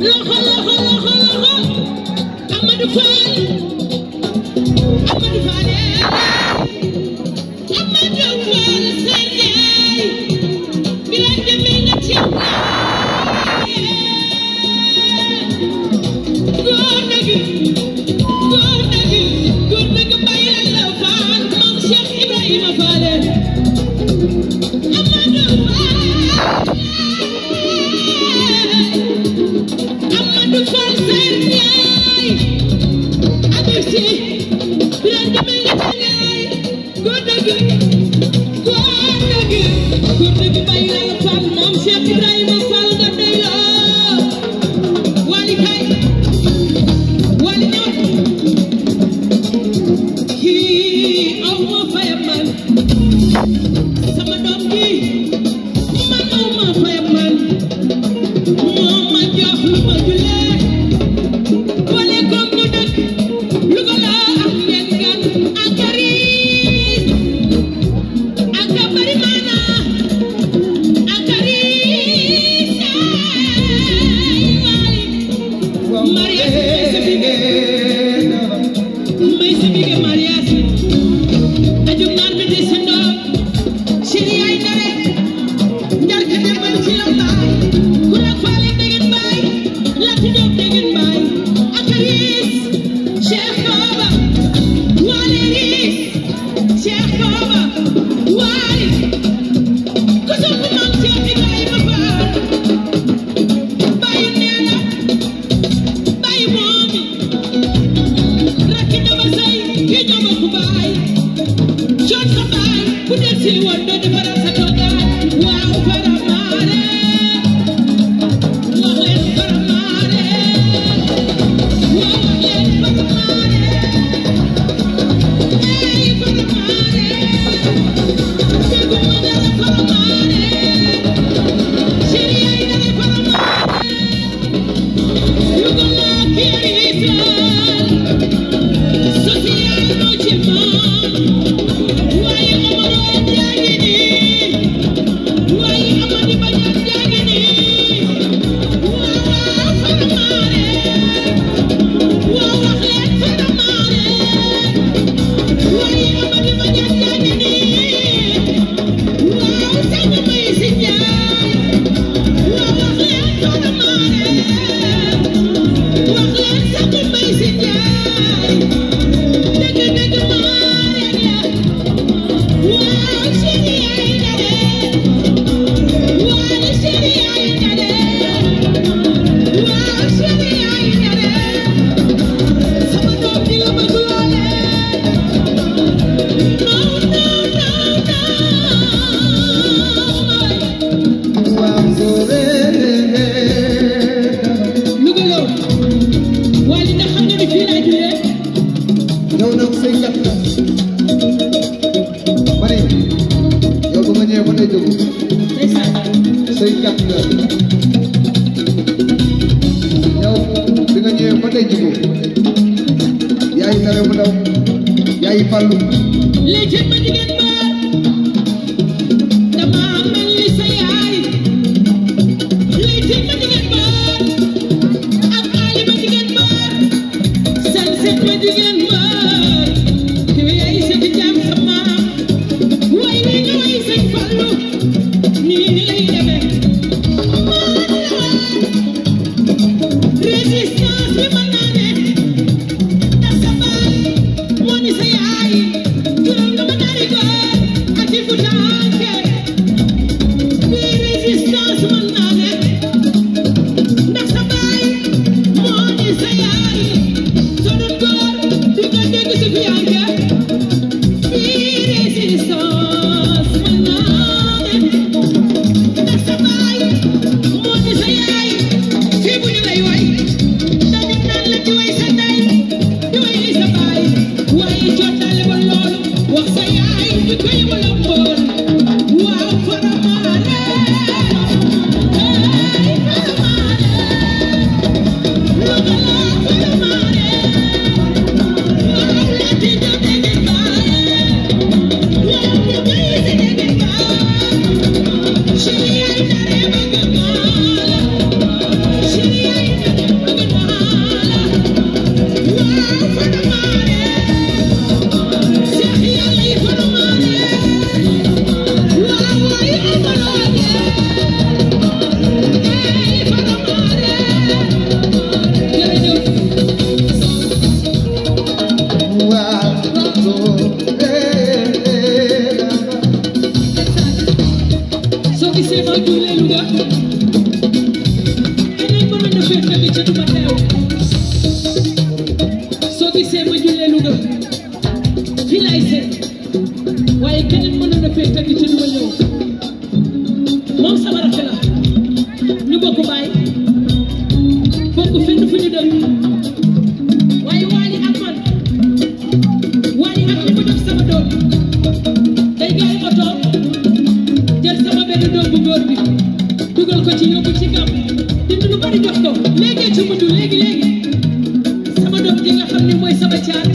loxo loxo loxo loxo Amadou Fall Good, good, good. Thank you. Yeah. nga jógu say kat nga yow bi nga ñëwee ba tey jógu yaay nare mu daw yaay fàllu Thank you. boo gisee ma jullee Louga fii laay seet waaye keneen mënoon a fee teg ci lu ma Richard.